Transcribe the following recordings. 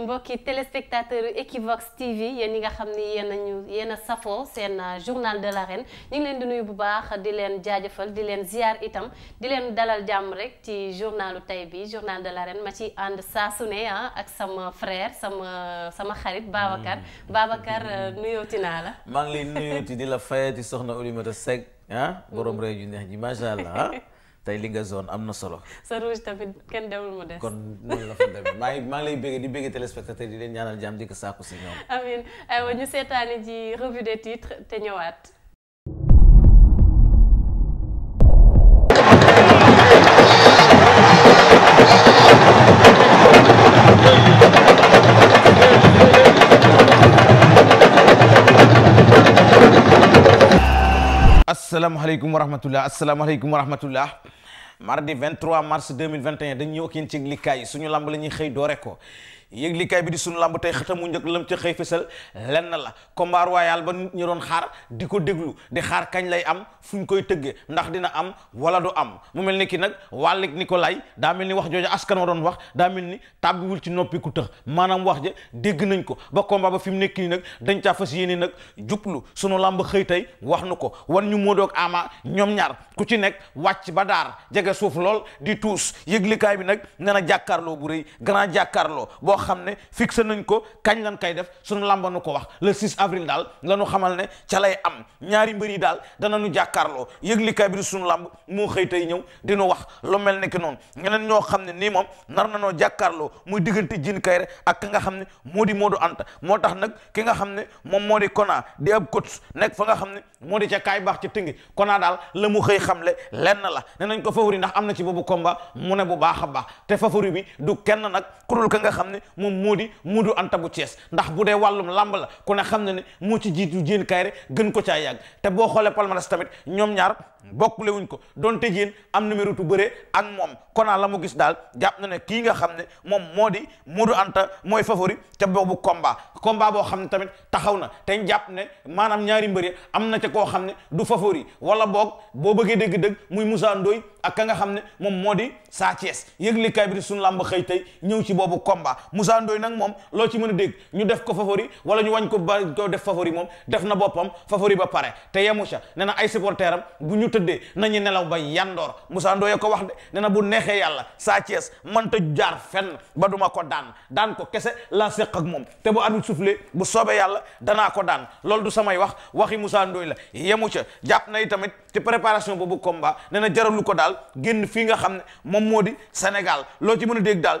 mbokki téléspectateur Equivox TV yéen ñi nga xam ni yéen a ñu yéen a safoo seen euh, journal de la ñu ngi leen di nuyu bu baax di leen jaajëfal di leen ziar itam di leen dalal jàmm rek ci journalu tey bi journal de la l'arène ma ci ànd saa su ne ah ak sama frère sama euh, sama xarit Babacar mm. Babacar euh, nuyooti naa la. maa ngi lay di la fayati soxna Oulimata Seck ah borom réew ju neex ji macha allah ah. tey li nga zone am na solo. sa rouge tamit kenn demul mu des. kon noonu la fa demee maa ngi maa ngi lay bëgg di bëgg téléspectateur di leen ñaanal jàmm di ko sàkku si ñoom. amiin aywa ñu seetaani ji revue des titres te ñëwaat. asalaamaaleykum wa rahmatulah asalaamaaleykum wa rahmatulah mardi 23 mars 2021 dañ ñëw ak yéen ci likkaay suñu lamb la ñuy xëy doore ko yëglikaay bi di suñu làmb tey xëtamu njëkk lam ca xëy fësal lenn la combat royal ba nit ñi doon xaar di ko déglu di xaar kañ lay am fu ñu koy tëggee ndax dina am wala du am mu mel ni ki nag wàllik Nicolay daa mel ni wax jooju askan wa doon wax daa mel ni tàbbiwul ci noppi ku tëx maanaam wax ja dégg nañ ko ba combat ba fi mu nekk nii nag dañ caa fas yéene nag jublu suñu làmb xëy tey wax nu ko wan ñu Modou ak Ama ñoom ñaar ku ci nekk wàcc ba daar jege suuf lool di tuus yëglikaay bi nag nee na jàkkaarloo bu rëy grand jàkkaarloo xam ne fixé nañ ko kañ lan kay def suñu làmba nu ko wax le 6 avril daal la ñu xamal ne ca lay am ñaari mbër yi daal nu jàkkaarloo yëglikaay bi di suñu làmb moo xëy tey ñëw dinu wax lu mel ne ki noonu ñeneen ñoo xam ne nii moom nar na noo jàkkaarloo muy diggante Jin rek ak ki nga xam ne moo di Modou ant moo tax nag ki nga xam ne moom moo di Kona di ab coach nekk fa nga xam ne moo di ca kaay baax ci tëngi konaa daal la mu xëy xamle lenn la ne nañ ko favori ndax am na ci boobu combat mu ne bu baax a baax nag ku nga xam ne moom moo di Modou Anta bu Thiès ndax bu dee wàllum làmb la ku ne xam na ne moo ci jiitu Diène Kaïré gën ko caa yàgg te boo xoolee palmarès tamit ñoom ñaar bokkule wuñ ko donte Diène am na méritu bëree ak moom konaa la mu gis daal jàpp na ne kii nga xam ne moom moo di Modou Anta mooy favori te boobu combat combat boo xam ne tamit taxaw na te jàpp ne maanaam ñaari mbëri am na ca koo xam ne du favori wala boog boo bëggee dëgg muy Moussa ak ka nga xam ne moom moo di Sa Thiès bi di suñu làmb xëy tey ñëw ci boobu komba Moussa Ndoye nag moom loo ci mën a dégg ñu def ko favori wala ñu wañ ko ba ko def favori moom def na boppam favori ba pare te yemu ca ne na ay supporter bu ñu tëddee nañu nelaw ba yandoor musaandooy Ndoye ko wax de ne na bu neexee yàlla saa Sa man mënta jaar fenn ba duma ko daan daan ko kese laa seq ak moom te bu arbitre soufflé bu soobee yàlla danaa ko daan loolu du samay wax waxi Moussa Ndoye la yemu ca jàpp na tamit ci préparation boobu combat ne na jaralu ko daal génn fii nga xam ne moom moo di Sénégal loo ci mën a dégg daal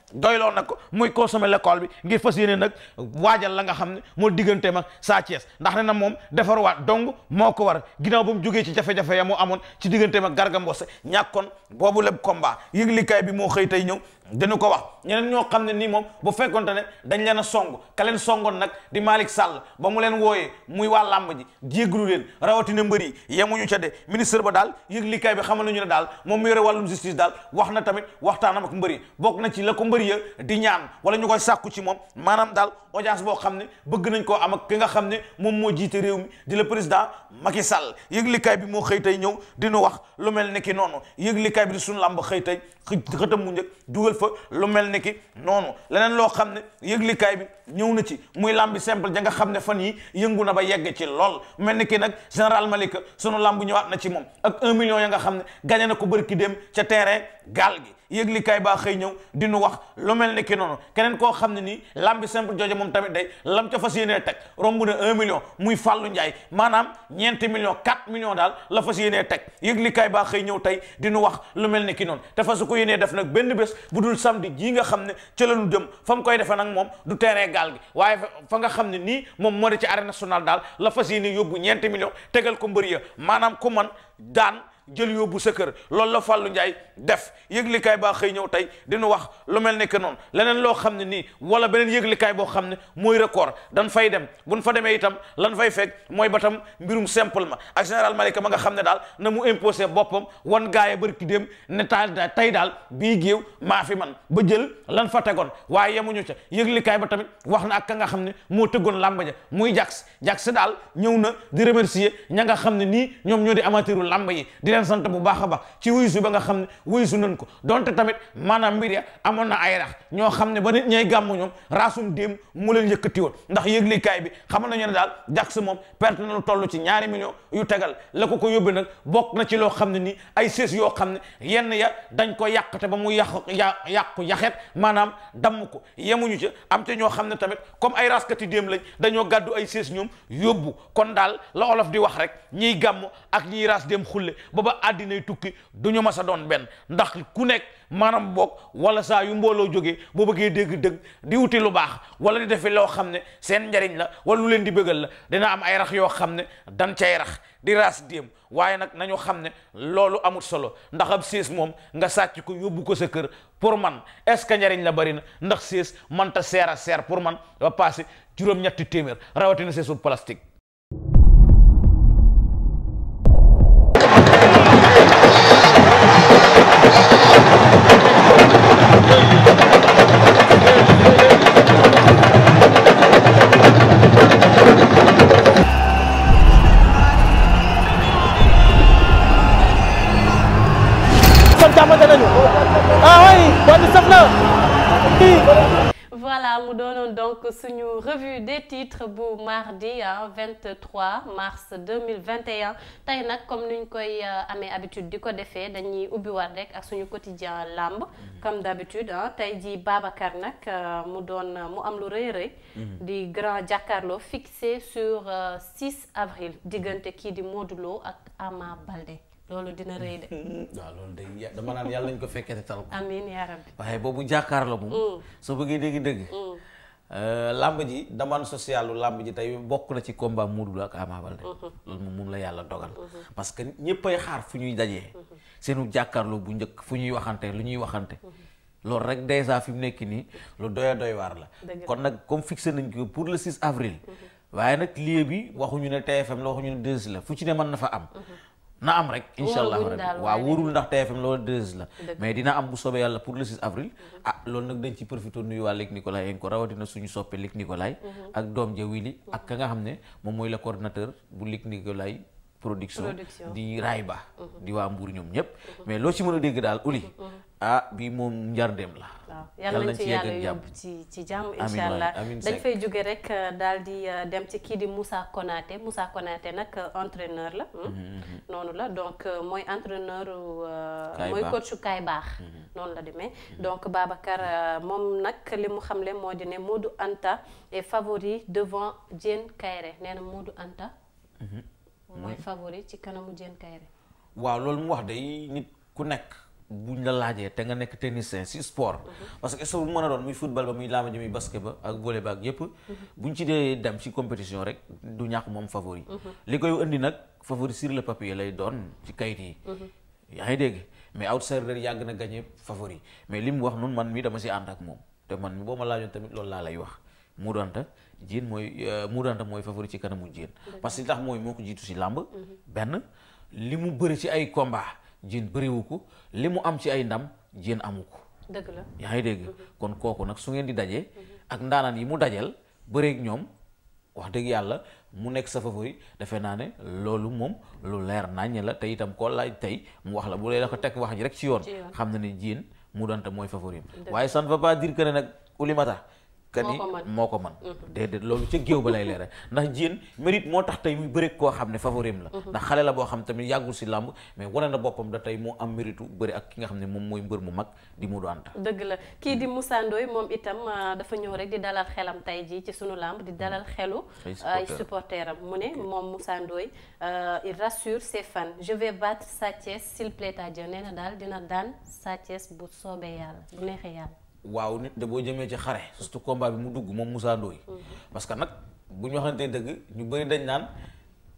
doyloo na ko muy consommer l'école bi ngir fas yéene nag waajal la nga xam ne moo digganteem ak Sa Thiès ndax ne na moom defar waa dong moo ko war ginnaaw ba mu jógee ci jafe-jafe ya mu amoon ci digganteem ak Garga Mbossé ñàkkoon boobu lépp combat yëglikaay bi moo xëy tey ñëw dina ko wax ñeneen ñoo xam ne nii moom bu fekkonte ne dañ leen a song ka leen songoon nag di Malick Sall ba mu leen wooyee muy waa làmb ji jégglu leen rawatina mbër yi yemuñu ca de ministre ba daal yëglikaay bi xamal nañu ne daal moom mu yore wàllum justice daal wax na tamit waxtaanam ak mbër ya di ñaan wala ñu koy sàkku ci moom maanaam daal audience boo xam ne bëgg nañ koo am ak ki nga xam ne moom moo jiite réew mi di le président Macky Sall yëglikaay bi moo xëy tey ñëw dinu wax lu mel ni ki noonu yëglikaay bi di suñu làmb xëy tey xëtam mu njëkk dugal fa lu mel ni ki noonu leneen loo xam ne yëglikaay bi ñëw na ci muy làmbi simple ja nga xam ne fan yi yëngu na ba yegg ci lool mel ni ki nag général Malika sunu làmb ñëwaat na ci moom ak un million ya nga xam ne gagné na ko bërki dem ca terrain gaal gi yëglikaay baa xëy ñëw di nu wax lu mel ni ki noonu keneen koo xam ne nii lambi simple jooje moom tamit day lam ca fas yéenee teg romb na un million muy Fallou Ndiaye maanaam ñeenti million quatre millions daal la fas yéenee teg yëglikaay baa xëy ñëw tey dinu wax lu mel ni ki noonu te fasu ko yéenee def nag benn bés bu dul samedi jii nga xam ne ca la jëm fa mu koy defee nag moom du terrain gaal gi waaye fa nga xam ne nii moom moo di ci arène national daal la fas yéenee yóbbu ñeenti million tegal ko mbër ya maanaam ku man daan jël yóbbu sa kër loolu la Fallou Ndiaye def yëglikaay baa xëy ñëw tey dina wax lu mel ne que noonu leneen loo xam ne nii wala beneen yëglikaay boo xam ne mooy record dan fay dem bu nu fa demee itam lan fay fekk mooy ba tam mbirum simple ma ak général Malika ma nga xam ne daal na mu imposé boppam wan gaaya bari ki dem ne taa tey daal bii géew maa fi man ba jël lan fa tegoon waaye yemuñu ca yëglikaay ba tamit wax na ak ka nga xam ne moo tëggoon làmba ja muy jax jax daal ñëw na di remercier ña nga xam ne nii ñoom ñoo di amateuru làmba yi leen sant bu baax a baax ci wuyu su ba nga xam ne wuyu su nañ ko donte tamit maanaam mbir ya amoon na ay rax ñoo xam ne ba nit ñay gàmmu ñoom raasum déem mu leen yëkkati woon ndax yëglikaay bi na lu toll ci ñaari millions yu ko ko na ci loo xam ne nii xam ne yenn ya dañ ko yàqate ba mu yàqu yàqu yaxet maanaam damm ko yemuñu ca am ca ñoo xam ne tamit comme ay raskati déem lañ dañoo gàddu ay sées ñoom yóbbu kon daal la olof di wax rek ñiy gàmm ak ñiy ras déem xulle ba àddina yi tukki du ñu mas a doon benn ndax ku nekk maanaam bokk wala saa yu mbooloo jógee boo bëggee dégg-dëgg di wuti lu baax wala di defi loo xam ne seen njariñ la wala lu leen di bëggal la dina am ay rax yoo xam ne dan cay rax di ras déem waaye nag nañu xam ne loolu amul solo ndax ab sées moom nga sàcc ko yóbbu ko sa kër pour man est-ce que njariñ la bari na ndax sées manta seer a seer pour man ba passé juróom-ñetti téeméer rawatina seesu plastique 23 mars 2021 tey nag comme ñu koy euh, amee habitude di ko defee dañuy ubbiwaat rek ak suñu quotidien làmb mhm. comme d'habitude ah tey jii Babacar nag euh, mu doon euh, mu am lu rëy rëy mhm. di grand jàkkaarloo fixé sur 6 avril diggante kii di Modou ak Ama Baldé loolu dina rëy de. waaw loolu de dama naan yàlla nañu ko fekkee te tal ko. amiin yaa rabbi waaye boobu jàkkaarloo moom. Mm. soo bëggee dégg dëgg. Mm. Euh, làmb ji demande sociale làmb ji tey bokk na ci combat Modou Lô ak Ama Baldé mhm. loolu moom la yàlla dogal mhm. parce que ñëppay xaar fu ñuy dajee mhm. seenu jàkkaarloo bu njëkk fu ñuy waxante lu ñuy waxante loolu rek dèjà fi mu nekk nii lu doya doy waar la kon nag comme fixé nañ ko pour le 6 avril waaye nag lieu bi waxuñu ne TFM la waxuñu ne 2 la fu ci ne mën na fa am na am rek incha allah rabbi waaw wóorul ndax TFM loolu deux la mais dina am bu soobee yàlla pour le 6 avril mhm. ah loolu nag dañ ci profité nuyu waa Luc Nicolaï yéen ko rawatina suñu soppe Luc Nicolaï mhm. ak doom ja Willy mhm. ak ka nga xam ne moom mooy le coordinateur bu Luc Nicolaï production di Rayba di waa Mbour ñoom ñépp mais loo ci mën a dégg daal uli ah bii moom njardeem la. yàlla nañ ci yàlla yóbbu ci ci jàmm incha allah dañ fay jóge rek euh, daal di euh, dem ci kii di Moussa Konaté Moussa Konaté nag euh, entraîneur la hmm? mm-hmm, mm-hmm. noonu la donc mooy entraîneur mooy coachu baax mm-hmm. noonu la demee donc Babacar moom nag li mu xamle moo di ne Modou Anta est favori devant Diène Kairé nee na Modou Anta mooy favori ci kanamu Diène Kairé waaw loolu mu wax day nit ku nekk buñ la laajee te nga nekk technicien si sport. parce que sport bu mën a doon muy football ba muy làmb ji muy basket ba ak volley ba ak yëpp. buñ ci dee dem ci compétition rek du ñàkk moom favori. li koy indi nag favori sur le lay doon ci kayit yi. yaa ngi dégg mais outsider yàgg na gagné favori mais li mu wax noonu man mi dama si ànd ak moom te man mi boo ma laajoon tamit loolu laa lay wax. mu doonta jéen mooy euh, mu doonta mooy favori ci kanamu jéen. parce que li mooy moo ko jiitu si làmb. Mhm. benn li mu bëri ci ay combat jéen bëriwu ko li mu am ci ay ndam jéen amu ko. dëgg la yaa ngi dégg mhm. kon kooku nag su ngeen di dajee mhm. ak ndaanaan yi mu dajal bëreeg ñoom wax dëgg yàlla mu nekk sa favori defe naa ne loolu moom lu leer naññ la te itam koo laaj tey mu wax la mu dee la ko teg wax ji rek ci yoon. xam na ne jéen mu doon te mooy favori waaye ça ne veut pas ne nag Oulimata kani moo ko mën mhm. loolu ca géew ba lay leeral ndax jéen mérite moo tax tey muy bëri koo xam ne favorim la mhm. ndax xale la boo xam tamit yàggul si làmb mais wane na boppam da tey moo am méritu bëri ak ki nga xam ne moom mooy mbër mu mag di Modou Anta dëgg la kii di Moussa moom itam euh, dafa ñëw rek di dalal xelam tey jii ci suñu làmb di dalal xelu ay supporter am mu ne moom Moussa Ndoye euh, il rassure ses fans je vais battre Sa Thiès s'il plaît à nee na daal dina daan Sa Thiès bu soobee yàlla bu neexee yàlla waaw nit de boo jëmee ci xare surtout combat bi mu dugg moom Moussa Ndoye mm-hmm. parce que nag bu ñu waxantee dëgg ñu bëri dañ naan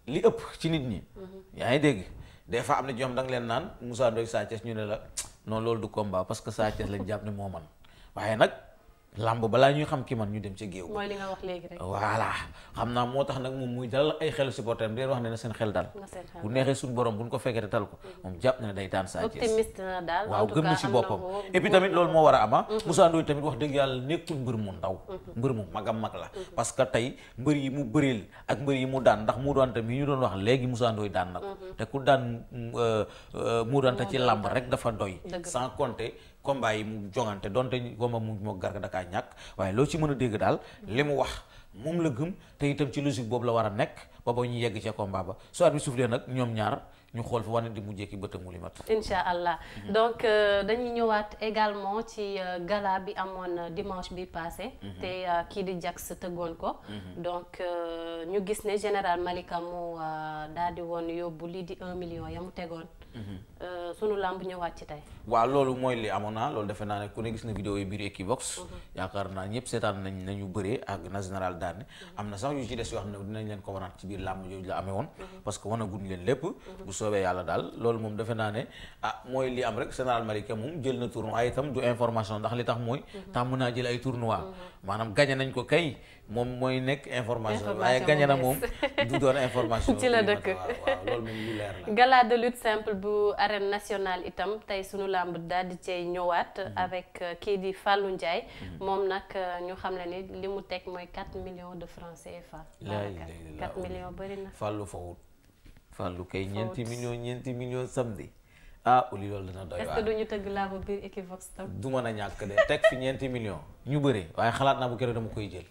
li ëpp ci nit ñi. Mm-hmm. yaa ngi dégg des fois am na ñoom da nga leen naan Moussa Ndoye Sa ñu ne la noon loolu du combat parce que Sa lañ jàpp ne moo man waaye nag. làmb balaa ñuy xam ki man ñu dem ca géew. mooy li xam naa moo tax nag moom muy dalal ay xel supporter bi wax ne na seen xel dal. bu neexee suñ borom bu ñu ko fekkee te tal ko. Mm-hmm. moom jàpp na ne day daan Sa Thiès. waaw gëm na si boppam. et tamit loolu moo war a ama. Ah. Mm-hmm. Moussa Ndoye tamit wax dëgg yàlla nekkul mbër mu ndaw. Mm-hmm. mbër mu magam mag la. parce que tey mbër yi mu bëril ak mbër yi mu daan ndax mu doon tamit yi ñu doon wax léegi Moussa Ndoye daan na ko. te ku daan mu doon ta ci làmb rek dafa doy combat yi mu jongante donte combat mu moo garga dakaa ñàkk waaye loo ci mën a dégg daal li mu wax moom la gëm te itam ci logique boobu la war a nekk ba ba ñu yegg ca combat ba soit bi suuf lee nag ñoom ñaar ñu xool fu wane di mujjee ki bëtam li mat incha allah mhm. donc euh, dañuy ñëwaat également ci euh, gala bi amoon euh, dimanche bi passé mhm. te kii di Jax tëggoon ko mhm. donc ñu gis ne général Malika mu daal di woon yóbbu lii di un million ya mu tegoon Euh, sunu làmb ñëwaat ci tey. waaw loolu mooy li amoon naa loolu defe naa ne ku ne gis na vidéo yi biir Equivox. Mhm. yaakaar naa ñëpp seetaan nañ nañu bëree ak na général daane. Mhm. am na sax yu ci des yoo xam ne dinañ leen ko wanaat ci biir làmb jooju la amee woon. Mhm. parce que wanaguñ leen lépp. bu soobee yàlla daal loolu moom defe naa ne ah mooy li am rek général Malika moom jël na tournoi itam du information ndax li tax mooy. tàmm naa jël ay tournoi maanaam gagné nañ ko kay moom mooy nekk information waaye gagné na moom du doon information ci la dëkk waaw loolu moom bu arène national itam tey sunu làmb daal di cay ñëwaat mhm. avec euh, kii di Fallou Ndiaye mhm. moom nag euh, ñu xam ne ni li mu teg mooy 4 millions de francs CFA 4 millions bëri na Fallou fawut Fallou kay ñeenti millions ñeenti millions samedi ah uli loolu dana doy waar du mën a ñàkk de teg fi ñeenti million ñu bëri waaye xalaat naa bu keroog dama koy jël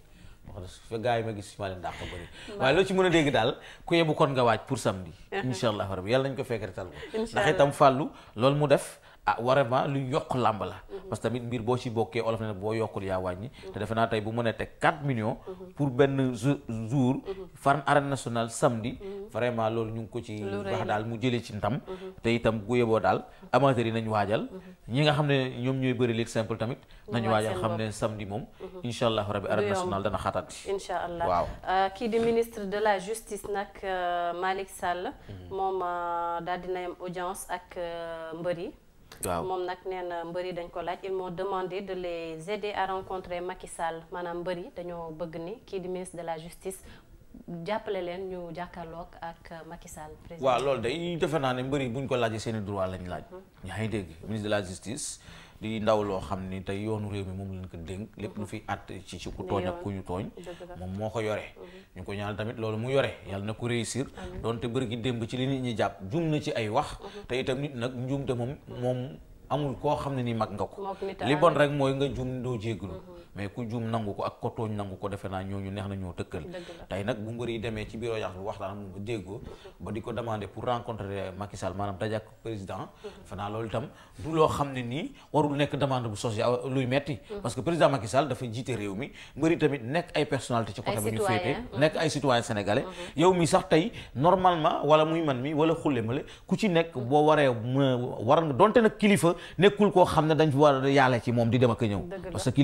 wax fa gars yi ma gis maa leen dàq ko bëri waaye loo ci mën a dégg daal ku yebu kon nga waaj pour samedi. incha allah rabbi yàlla nañu ko fekk retal ko. ndax itam fàllu loolu mu def. ah vraiment lu yokk làmb la parce que tamit mbir boo ci bokkee olof na boo yokkul yaa wàññi te defe naa tey bu mënee teg 4 millions pour benn jour farn arène nationale samedi vraiment loolu ñu ngi ko ci daal mu jëlee ci ndam mhm. te itam bu yeboo daal amateurs yi nañ waajal mhm. ñi nga xam ne ñoom ñooy bëri léegi simple tamit nañu waajal xam ne samedi moom mhm. incha allah rabbi arène nationale dana xatat incha allah waaw euh, kii di ministre de la justice nag euh, Malick Sall moom euh, daal dina am audience ak mbër yi waaw moom nag neen na mbër dañ ko laaj ils m'ont demandé de les aider à rencontrer Macky Sall maanaam mbër yi dañoo bëgg ni kii di ministre de la justice jàppale leen ñu jàkkaarloog ak Macky Sall président waaw loolu day defe naa ne mbër yi buñ ko laaj seen i droit lañ laaj. Mhm. yaa ngi dégg ministre de la justice. di ndaw loo xam ni tey yoonu réew mi moom lañ ko dénk lépp lu fi at ci ci ku tooñ ak ku ñu tooñ moom moo ko yore mhm. ñu ko ñaanal tamit loolu mu yore yàlla na ko réussir donte bëri gi démb ci li nit ñi jàpp juum na ci ay wax mhm. te itam nit nag njuumte moom moom amul koo xam ne ni mag nga ko li bon rek mooy nga juum doo jégglu mhm. mais ku juum nangu ko ak ko tooñ nangu ko defe naa ñooñu neex na ñoo tëkkal tey nag bu mbër yi demee ci bureau yàq bi waxtaan mu déggoo ba di ko demander pour rencontrer Macky maanaam dajak président fanaa loolu itam du loo xam ne nii warul nekk demande bu sociale luy metti mm. parce que président Macky Sall dafa jiite réew mi mbëri tamit nekk ay personnalité ci côté bi ñu féete mm. nekk ay citoyen sénégalais mm-hmm. yow mi sax tey normalement wala muy man mi wala xulle male ku ci nekk boo waree war nga donte nag kilifa nekkul koo xam ne dañ fi war a yaale ci moom di dem ak ñëw parce que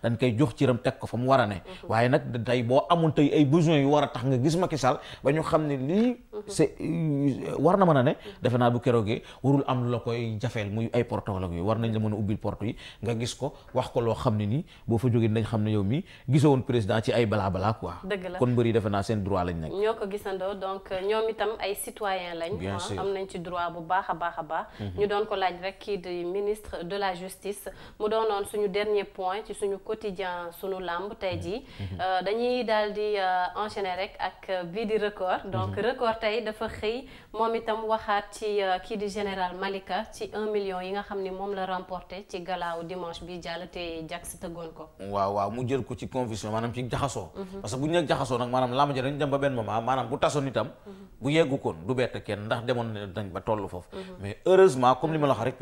dañ koy jox ciram teg ko fa mu war a ne mhm. waaye nag tey boo amoon tey ay besoins yu war a tax nga gis Macky Sall ba ñu xam ne lii mhm. euh, war na mën a ne defe naa bu keroogee warul am lu la koy jafeel muy ay portefeuille yooyu war nañ a ubbil porte ko loo xam ne nii boo fa jógee nañ xam ne yow mi gisoon président ci ay balaa balaa quoi kon mbër yi defe naa seen droit lañ nekk ñoo ko gisandoo donc euh, ñoom itam ay citoyen lañ ah. am nañ ci droit bu baax a baax a baax mhm. ñu doon ko laaj rek kii di ministre de la justice mu doonoon suñu dernier quotidien sunu làmb tey jii. Mm-hmm. Mm-hmm. Euh, dañuy daal di euh, rek ak euh, bii di record. donc mm-hmm. record tey dafa xëy moom itam waxaat ci kii di général Malika ci 1 million yi nga xam ni moom la remporté ci galaaw dimanche bi jàll te Jax tëggoon ko. waaw waaw mu jël ko ci confusion maanaam ci jaxasoo. parce que bu ñu nekk jaxasoo nag maanaam làmb ji dañu dem ba benn moment maanaam bu tasoon itam. bu yeggu koon du bett kenn ndax demoon nañ ba tollu foofu. mais heureusement comme la wax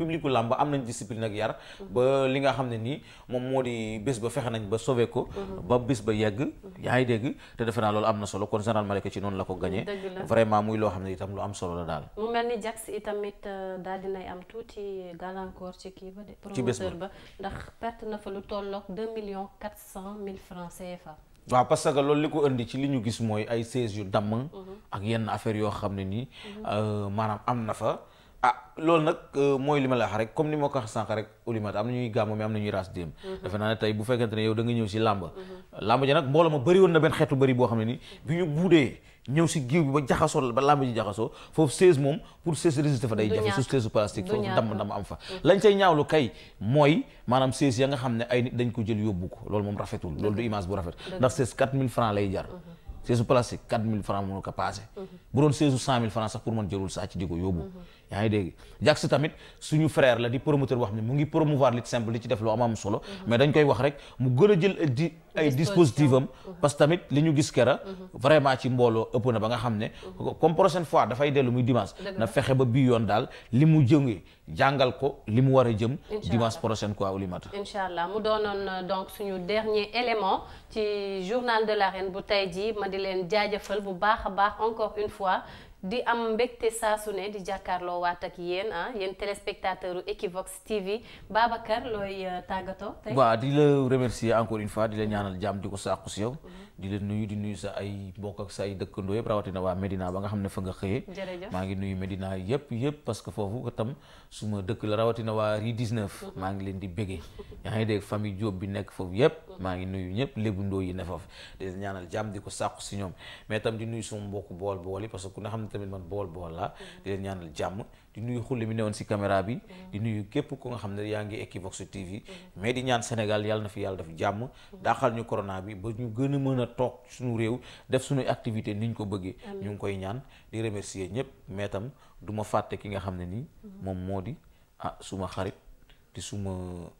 rek bés ba fexe nañ ba sauvé ko mhm. ba bés ba yegg mhm. yaa ngi dégg te defe naa loolu am na solo kon général Malika ci noonu la ko gagné vraiment muy loo xam ne itam lu am solo la daal mu mel ni Jax itamit euh, daal dinay am tuuti gàllankoor ci kii ba de promoteur ba ndax perte na fa lu tolloog deux millions quatre cent mille francs CFA waaw parce que li ko indi ci li ñu gis mooy ay sièges yu damm mhm. ak yenn affaire yoo xam ne nii euh, maanaam am na fa ah loolu nag euh, mooy li ma la rek comme ni ma ko wax sànq rek ulimat am na ñuy gàmm mais am na ñuy raas déem mm-hmm. defe naa ne tey bu fekkente ne yow da ñëw si làmba mm-hmm. làmba ji nag mbooloo ma bëri woon na benn xeetu bëri boo xam ne ni bi ñu buudee ñëw si giw bi ba jaxasoo ba làmba ji jaxasoo foofu seize moom pour seize résister fa day jafe su seize plastique foofu dam dam am fa mm-hmm. lañ cay ñaawlu kay nga ko jël loolu moom rafetul loolu du image bu doon seize cent mille francs sax pour mën jëlul sàcc di ko yóbbu yaa ngi dégg Jax tamit suñu frère la di promoteur wax ne mu ngi promouvoir lit ci def lu am am solo mhm. mais dañ koy wax rek mu gën a jël di ay dispositif am mhm. tamit li ñu gis kera mhm. vraiment ci mbooloo ëpp na ba nga xam ne comme prochaine fois dafay dellu muy dimanche na fexe ba bii yoon daal li mu jëngee jàngal ko li mu war a jëm dimanche prochaine quoi Oulimata incha allah mu doonoon euh, donc suñu dernier élément ci journal de l'arène bu tey ji ma di leen a baax di am mbégte saa su ne di jàkkaarloo waat ak yéen ah yéen téléspectateur u Equivox TV Babacar looy euh, tàggatoo. tey waaw di la remercier encore une fois di la ñaanal jàmm di ko sàkku si yow. Mm-hmm. di leen nuyu di nuyu sa ay mbokk ak sa ay dëkkandoo yëpp rawatina waa Medina ba nga xam ne fa nga xëyee. maa ngi nuyu Medina yëpp yëpp parce que foofu tam su ma dëkk la rawatina waa Rue 19. maa ngi leen di béggee yaa ngi dégg famille Diop bi nekk foofu yëpp. maa ngi nuyu ñëpp lébu ndoo yi ne foofu di ñaanal jàmm di ko sàqu si ñoom mais itam di nuyu suma mbokk bool bool yi parce que ku nga xam ne tamit man bool bool la di leen ñaanal jàmm di nuyu xulle mi woon si caméra bi di nuyu képp ku nga xam ne yaa ngi Equivox TV mais di ñaan Sénégal yàlla na fi yàlla def jàmm daaxal ñu corona bi ba ñu gën a mën a toog suñu réew def suñuy activité ni ko bëggee ñu ngi koy ñaan di remercier ñëpp mais tam du ma fàtte ki nga xam ne nii moom moo di ah suma xarit di suma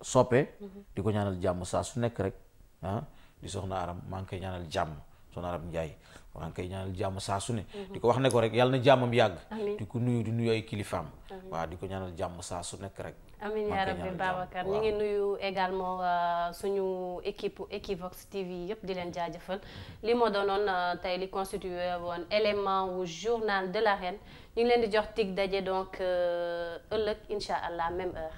soppee di ko ñaanal jàmm saa su nekk rek ah di soxna aram maa ngi koy ñaanal jàmm soxna Arab Ndiaye maa ngi koy ñaanal jàmm saa su ne mhm. di ko wax ne ko rek yàlla na jàmmam yàgg di ko nuyu di nuyu ay kilifaam waaw di ko ñaanal jàmm saa su nekk rek amin yaa rabbi Babacar ñu ngi nuyu également euh, suñu équipe Equivox TV yëpp di leen jaajëfal mhm. li moo doonoon euh, tey li constitué woon élément wu journal de l'arène ñu ngi leen di jox tig daje donc euh, ëllëg incha allah même heure